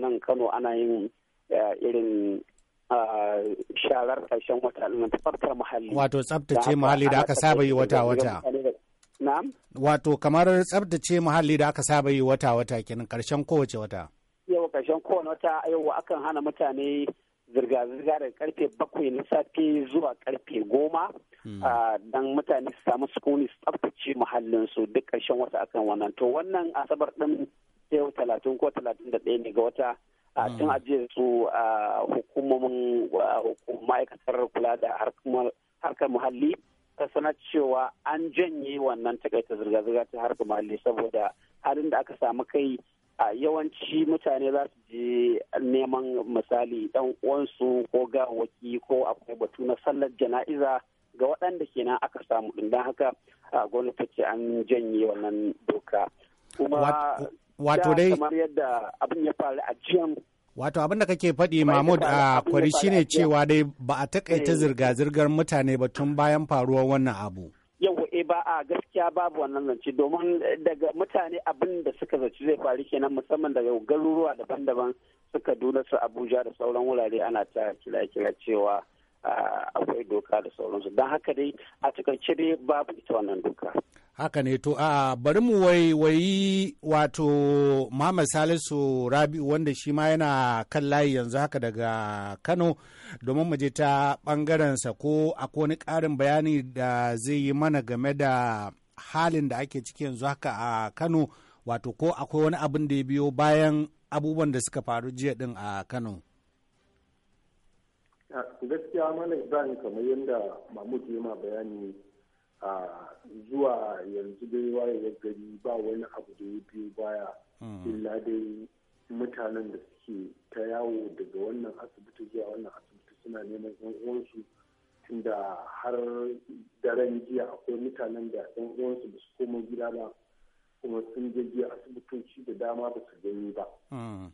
nan kano ana yin eh, irin ah, sharar ƙarshen wata nan tsabtar muhalli wato tsaftace muhalli da aka saba yi wata wata na'am wato kamar tsaftace muhalli da aka saba yi wata wata kenan ƙarshen kowace wata yau ƙarshen kowane wata yau akan hana mutane zirga-zirga daga karfe bakwai na safe zuwa karfe goma hmm. ah, dan mutane su samu sukuni su tsabtace muhallinsu duk ƙarshen wata akan wannan to wannan asabar ɗin yau talatin ko talatin da ɗaya ne ga wata a tun hmm. ajiye su a hukumomin ma'aikatar kula da harkar muhalli ta sanar cewa an janye wannan takaita zirga-zirga ta harkar muhalli saboda halin da aka samu kai a yawanci mutane za su je neman misali dan uwansu ko gawaki ko akwai batu na sallar jana'iza ga waɗanda kenan aka samu ɗin don haka gwamnati ce an janye wannan doka kuma wato dai kamar yadda Wato abin kake faɗi Mahmud a kwari shine cewa dai ba a takaita eh. zirga-zirgar mutane ba tun bayan faruwar wannan abu. Yau e eh, ba a gaskiya babu wannan zance domin eh, daga mutane abin da suka zaci zai faru kenan musamman daga garuruwa daban-daban suka duna su Abuja da sauran wurare ana ta kira-kira cewa Ah, akwai doka da sauransu don haka dai a cikakce dai babu ita wannan doka haka ne to a ah, bari mu wai waiwayi wato Muhammad Salisu Rabi wanda shi ma yana kan layi yanzu haka daga Kano domin mu je ta sa ko akwai wani karin bayani da zai yi mana game da halin da ake ciki yanzu haka a Kano wato ko akwai wani abin da ya biyo bayan abubuwan da suka faru jiya din a Kano. gaskiya mana ni kamar yadda mahmud ya ma bayani a zuwa yanzu dai wayewar gari ba wani abu da ya biyo baya hmm. illa dai mutanen da suke ta yawo daga wannan asibiti zuwa wannan asibiti suna neman yan uwansu tunda har daren jiya akwai mutanen da yan uwansu ba su koma gida ba kuma sun je jiya asibitoci da dama ba su gani ba hmm.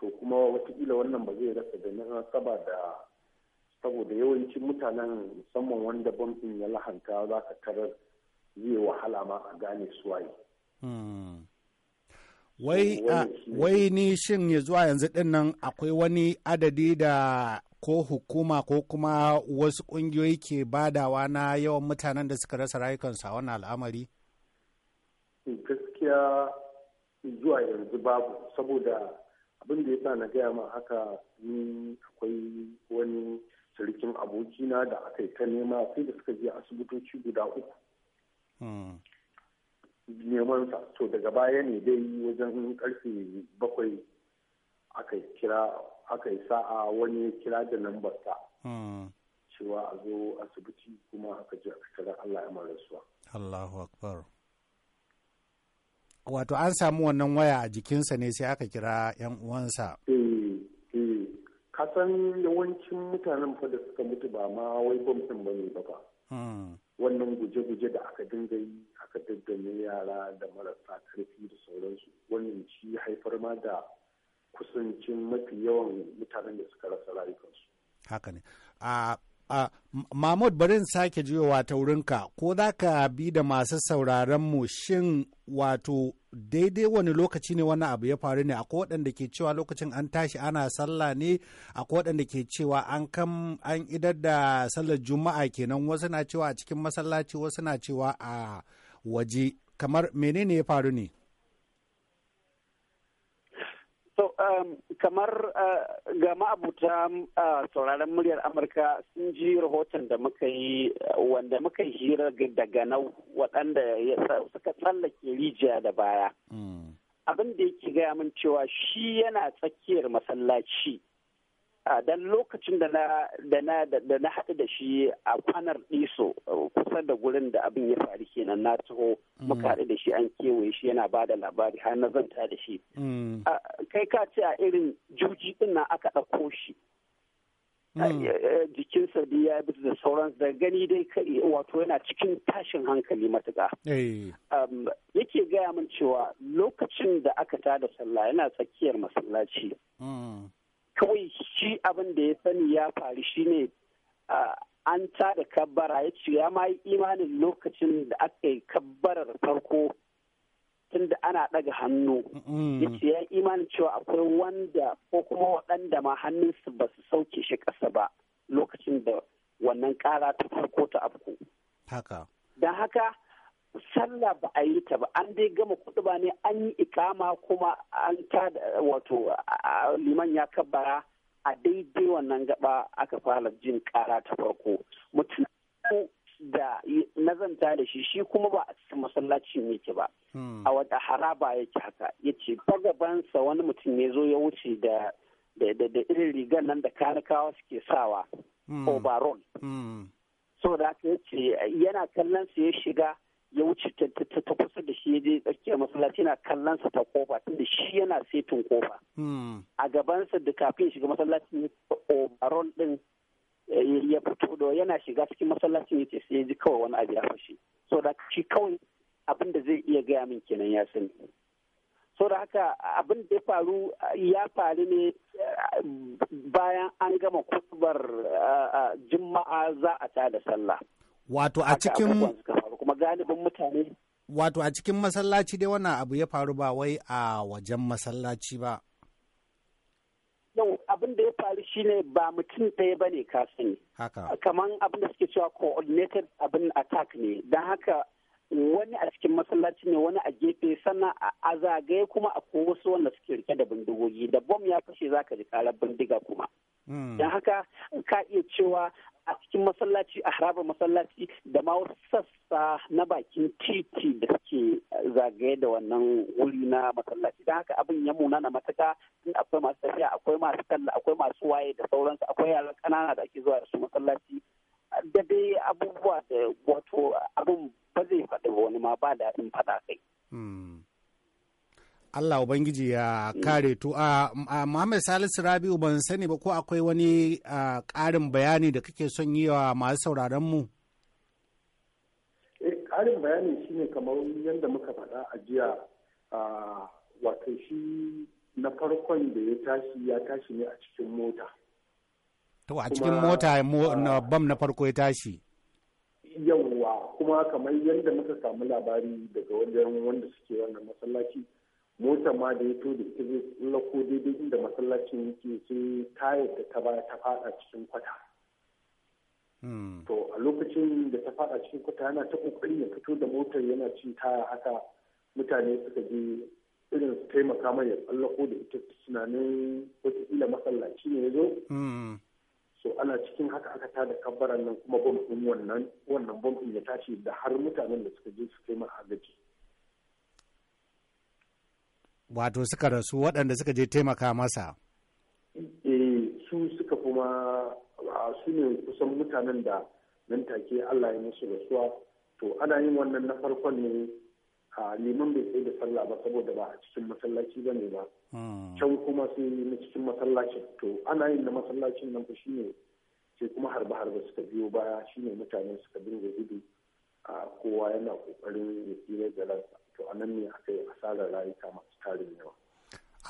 to kuma watakila wannan ba zai rasa da nasaba da saboda yawancin mutanen musamman wanda bankin ya lahanta za ka tarar zai wahala ma a gane suwaye. Hmm. Wai ni shin ya zuwa yanzu din akwai wani adadi da ko hukuma ko kuma wasu ƙungiyoyi ke badawa na yawan mutanen da suka rasa rayukansu a wannan al'amari? Gaskiya zuwa yanzu babu saboda abin da ya sa na gaya ma haka ni akwai wani sirikin abokina da aka yi ta nema sai da suka je asibitoci guda uku hmm. neman sa to daga baya ne dai wajen karfe bakwai aka kira aka yi sa'a wani kira da lambar ta hmm. cewa a zo asibiti kuma aka je aka kira Allah ya mara suwa Allahu akbar wato an samu wannan waya a jikinsa ne sai aka kira 'yan uwansa. Eh, eh. kasan yawancin mutanen fa da suka mutu ba ma wai bamsin ba ne ba ba. Hmm. Wannan guje-guje da aka dinga yi aka daddane yara da marasa karfi da sauransu wannan ci haifar ma da kusancin mafi yawan mutanen da suka rasa rayukansu. Haka ne. mamud Mahmud barin sake juyowa ta wurinka ko za ka bi da masu mu shin wato daidai wani lokaci ne wani abu ya faru ne akwai waɗanda ke cewa lokacin an tashi ana sallah ne akwai waɗanda ke cewa an kam an idar da sallar juma'a kenan wasu na cewa a cikin masallaci wasu na cewa a waje kamar menene ya faru ne? kamar eh, ga ma'abuta eh, sauraron muryar amurka sun ji rahoton da muka yi eh, wanda muka yi hira daga nau waɗanda suka tsallake rijiya da baya mm. abin da yake gaya min cewa shi yana tsakiyar masallaci dan lokacin da na da na haɗu da shi a kwanar ɗiso kusa da gurin da abin ya faru kenan na taho mm. muka haɗu da shi an kewaye shi yana ba da labari har na zanta da shi mm. kai ka ce a irin juji din nan aka ɗauko shi mm. jikinsa da ya bi da sauran da gani dai wato yana cikin tashin hankali matuƙa eh. yake gaya min cewa lokacin da aka tada sallah yana tsakiyar masallaci kawai shi abin da ya sani ya faru shine an ta da kabbara ya ce ya ma yi imanin lokacin da aka yi kabbarar farko tun da ana ɗaga hannu ya ce ya imanin cewa akwai wanda ko kuma waɗanda ma hannunsu ba su sauke shi ƙasa ba lokacin da wannan ƙara ta farko ta afku. Haka. Don haka sallah ba a yi ta ba an dai gama kudu ba ne an yi ikama kuma an ta wato liman ya kabbara a daidai wannan gaba aka fara jin kara ta farko mutum da nazanta da shi shi kuma ba a cikin masallacin ke ba hmm. a wata haraba yake haka ya ce gabansa wani mutum ya zo ya wuce da da irin rigar nan da kanikawa suke sawa hmm. overall hmm. so da ya ce yana kallon su ya shiga ya wuce ta kusa da shi ya je tsakiyar masallaci yana kallon sa ta kofa tunda shi yana setin kofa hmm. a gabansa da kafin shiga masallacin obaron din ya fito da yana shiga cikin masallacin ya ce sai ya ji kawai wani abu ya fashe so da shi kawai abin da zai iya gaya min kenan ya sani so da haka abin da ya faru ya faru ne bayan an gama kusurbar juma'a za a da sallah Wato a cikin Wato a cikin masallaci dai wannan abu ya faru ba wai a wajen masallaci ba. Yau abin da ya faru shine ba mutum ɗaya ba ne ka sani. Haka. Kaman abin da suke cewa coordinated abin attack ne. Don haka wani a cikin masallaci ne wani a gefe sannan a zagaye kuma a wasu wanda suke rike da bindigogi da bom ya fashe zaka ji karar bindiga kuma hmm. don haka ka iya cewa a cikin masallaci a harabar masallaci da ma wasu sassa na bakin titi da suke eh, zagaye da wannan wuri na masallaci don haka abin ya muna na matuka akwai masu tafiya akwai masu kalla akwai masu waye da sauransu akwai yaran ƙanana da ake zuwa da su masallaci da dai abubuwa da wato abin ba zai faɗi wani ma ba daɗin faɗa kai. Hmm. Allah Ubangiji ya kare tu a Muhammad Salisu Rabi'u ban sani ba ko akwai wani ƙarin bayani da kake son yi wa masu sauraron mu? Eh, ƙarin bayani shine kamar yadda muka faɗa a jiya wato shi na farkon da ya tashi ya tashi ne a cikin mota. To a cikin mota ah, bam na farko ya tashi. Yawwa kuma kamar yadda muka samu labari daga wajen wanda suke wannan masallaci mota ma da ya to da ita lako daidai inda masallacin yake sai tayar da ta baya ta fada cikin kwata. Hmm. To a lokacin da ta faɗa cikin kwata yana ta kokari ya fito da motar yana cin taya haka mutane suka je irin su taimaka mai ya tsallako da ita tunanin ila masallaci ne ya zo. Hmm. ana cikin haka aka tada kabbaran nan kuma bom wannan wannan bom ya tashi da har mutanen da suka je su kai agaji wato suka rasu waɗanda suka je taimaka masa eh su suka kuma su ne kusan mutanen da nan take Allah ya musu rasuwa to ana yin wannan na farkon ne a liman bai sai da sallah ba saboda ba a cikin masallaci ba ne ba hmm. can kuma sai na cikin masallacin to ana yin na masallacin nan shi ne sai kuma harbe-harbe suka biyo baya shine mutane suka dinga gudu a kowa yana kokarin ya tsira da ransa to a nan ne aka yi asarar rayuka masu tarin yawa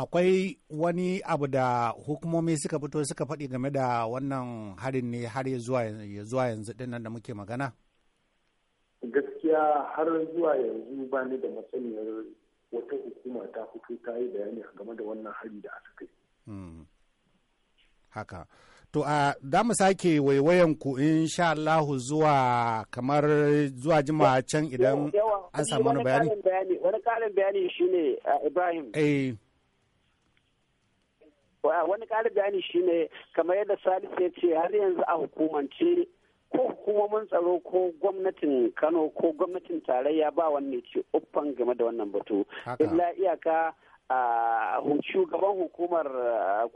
akwai wani abu da hukumomi suka fito suka faɗi game da wannan harin ne har ya zuwa yanzu dinnan da muke magana gaskiya har zuwa yanzu ba ni da matsaniyar wata hukuma ta fito ta yi bayani game da wannan hari da aka kai hmm. haka To a da mu sake waiwayan ku insha Allahu zuwa kamar zuwa jima can idan an samu wani bayani. Wani karin bayani shine Ibrahim. Eh. Wani karin bayani shine kamar yadda Salisu ya ce har yanzu a hukumance ko hukumomin tsaro ko gwamnatin Kano ko gwamnatin tarayya ba wanne ce uffan game da wannan batu. Illa iyaka a shugaban hukumar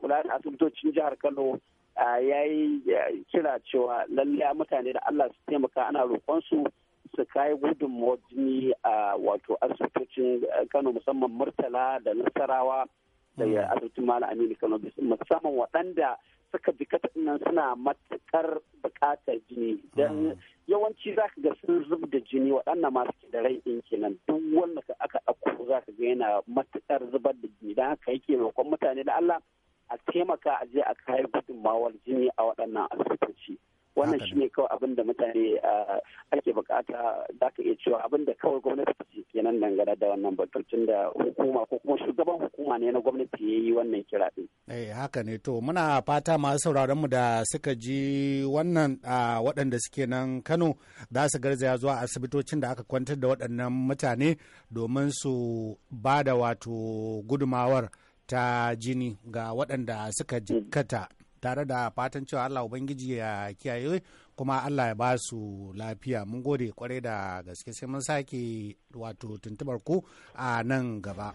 kula da asibitocin jihar Kano ya yi kira cewa lalle mutane da Allah su taimaka ana roƙonsu su kai gudun jini a wato asibitocin eh, Kano musamman Murtala da Nasarawa da mm. asibitin Malam Aminu Kano musamman waɗanda suka kata nan suna matuƙar buƙatar jini mm. don yawanci za ka ga sun zub da jini waɗannan masu ke da rai kenan duk wanda aka ɗauko za ka ga yana matuƙar zubar da jini don haka yake roƙon mutane da Allah a taimaka a je a kayi gudunmawar jini a waɗannan asibitoci wannan shine kawai abin da mutane ake bukata za ka iya cewa abin da kawai gwamnati ta ce kenan dangane da wannan batutun da hukuma ko kuma shugaban hukuma ne na gwamnati ya yi wannan kira ɗin. eh haka ne to muna fata masu sauraron mu da suka ji wannan waɗanda suke nan kano za su garzaya zuwa asibitocin da aka kwantar da waɗannan mutane domin su ba da wato gudumawar. ta jini ga waɗanda suka jikkata tare da fatan cewa Allah Ubangiji ya kiyaye kuma Allah ya ba su lafiya mun gode kwarai da gaske sai mun sake wato tuntubar ku a nan gaba.